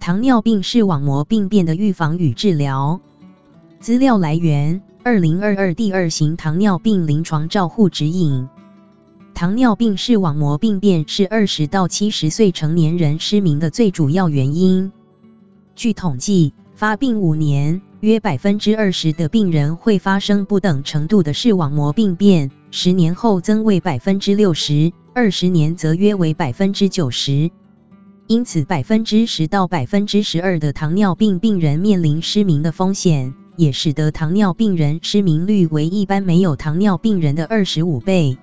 糖尿病視網膜病變的預防與治療。資料來源：2022《第二型糖尿病臨床照護指引》。糖尿病視網膜病變是二十到七十歲成年人失明的最主要原因。據統計，發病五年，約百分之二十的病人會發生不等程度的視網膜病變，十年後增為百分之六十，二十年則約為百分之九十。因此10，百分之十到百分之十二的糖尿病病人面臨失明的風險，也使得糖尿病人失明率為一般沒有糖尿病人的二十五倍。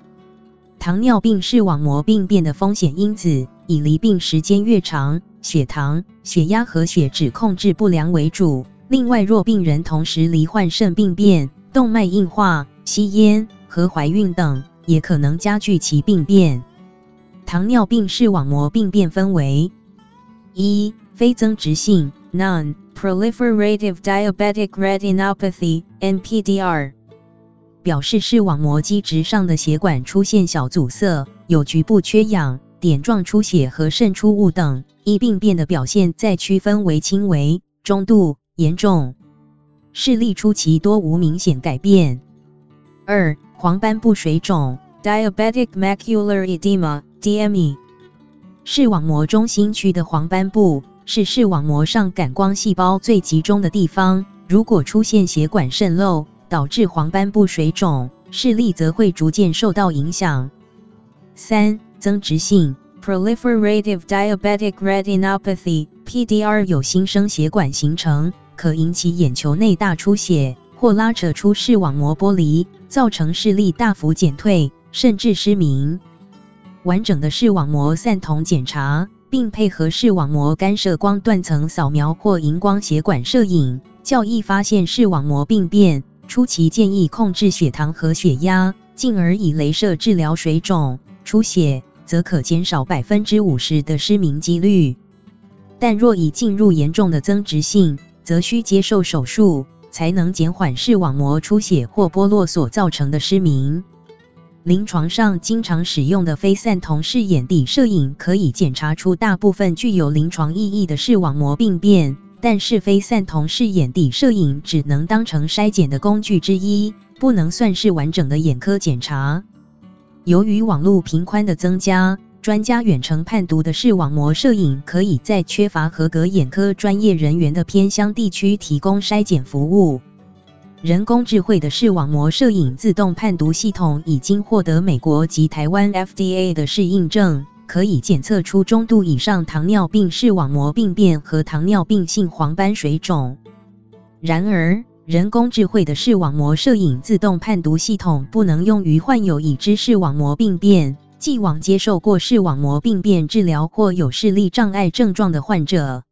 糖尿病視網膜病變的風險因子，以罹病時間越長、血糖、血壓和血脂控制不良為主。另外，若病人同時罹患腎病變、動脈硬化、吸菸和懷孕等，也可能加劇其病變。糖尿病視網膜病變分為。一、非增殖性，Non-proliferative diabetic retinopathy (NPDR)，表示視網膜基質上的血管出現小阻塞，有局部缺氧、點狀出血和滲出物等一病變的表現，再區分為輕微、中度、嚴重。視力初期多無明顯改變。二、黃斑部水腫，Diabetic macular edema (DME)。視網膜中心區的黃斑部是視網膜上感光細胞最集中的地方，如果出現血管滲漏，導致黃斑部水腫，視力則會逐漸受到影響。三、增殖性 （Proliferative Diabetic Retinopathy，PDR） 有新生血管形成，可引起眼球內大出血，或拉扯出視網膜剝離，造成視力大幅減退，甚至失明。完整的視網膜散瞳檢查，並配合視網膜干涉光斷層掃描或熒光血管攝影，較易發現視網膜病變。初期建議控制血糖和血壓，進而以雷射治療水腫、出血，則可減少百分之五十的失明幾率。但若已進入嚴重的增殖性，則需接受手術，才能減緩視網膜出血或剝落所造成的失明。臨床上經常使用的非散瞳式眼底攝影可以檢查出大部分具有臨床意義的視網膜病變，但是非散瞳式眼底攝影只能當成篩檢的工具之一，不能算是完整的眼科檢查。由於網絡頻寬的增加，專家遠程判讀的視網膜攝影可以在缺乏合格眼科專業人員的偏鄉地區提供篩檢服務。人工智慧的視網膜攝影自動判讀系統已經獲得美國及台灣 FDA 的適應症，可以檢測出中度以上糖尿病視網膜病變和糖尿病性黃斑水腫。然而，人工智慧的視網膜攝影自動判讀系統不能用於患有已知視網膜病變、既往接受過視網膜病變治療或有視力障礙症狀的患者。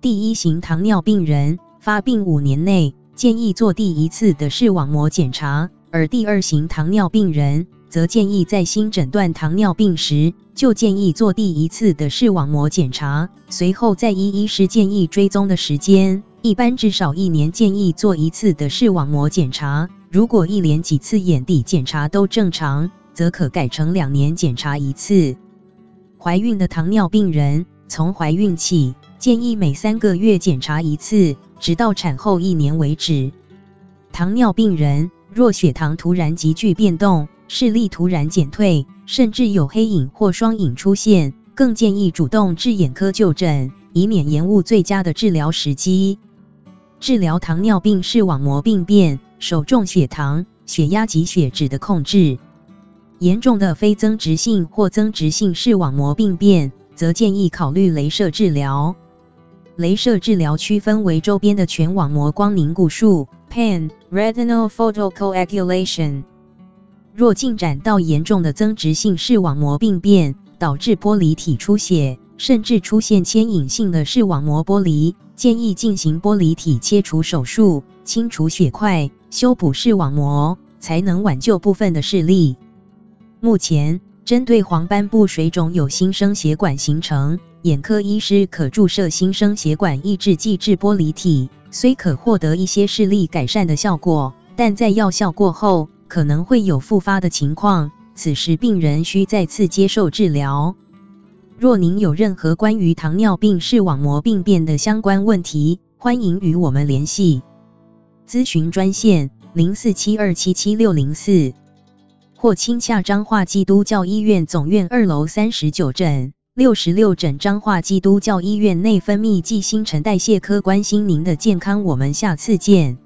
第一型糖尿病人發病五年內，建議做第一次的視網膜檢查，而第二型糖尿病人則建議在新診斷糖尿病時就建議做第一次的視網膜檢查，隨後再依醫師建議追蹤的時間，一般至少一年建議做一次的視網膜檢查。如果一連幾次眼底檢查都正常，則可改成兩年檢查一次。懷孕的糖尿病人從懷孕起，建議每三個月檢查一次。直到產後一年為止，糖尿病人若血糖突然急劇變動，視力突然減退，甚至有黑影或雙影出現，更建議主動至眼科就診，以免延誤最佳的治療時機。治療糖尿病視網膜病變，首重血糖、血壓及血脂的控制。嚴重的非增殖性或增殖性視網膜病變，則建議考慮雷射治療。鐳射治療區分為周邊的全網膜光凝固術 p a n Retinal Photocoagulation）。若進展到嚴重的增殖性視網膜病變，導致玻璃體出血，甚至出現牽引性的視網膜剝離，建議進行玻璃體切除手術，清除血塊，修補視網膜，才能挽救部分的視力。目前針對黃斑部水腫有新生血管形成，眼科醫師可注射新生血管抑制劑至玻璃體，雖可獲得一些視力改善的效果，但在藥效過後可能會有復發的情況，此時病人需再次接受治療。若您有任何關於糖尿病視網膜病變的相關問題，歡迎與我們聯繫，諮詢專線零四七二七七六零四，或親洽彰化基督教醫院總院二樓三十九診、六十六診，彰化基督教醫院內分泌暨新陳代謝科，關心您的健康，我們下次見。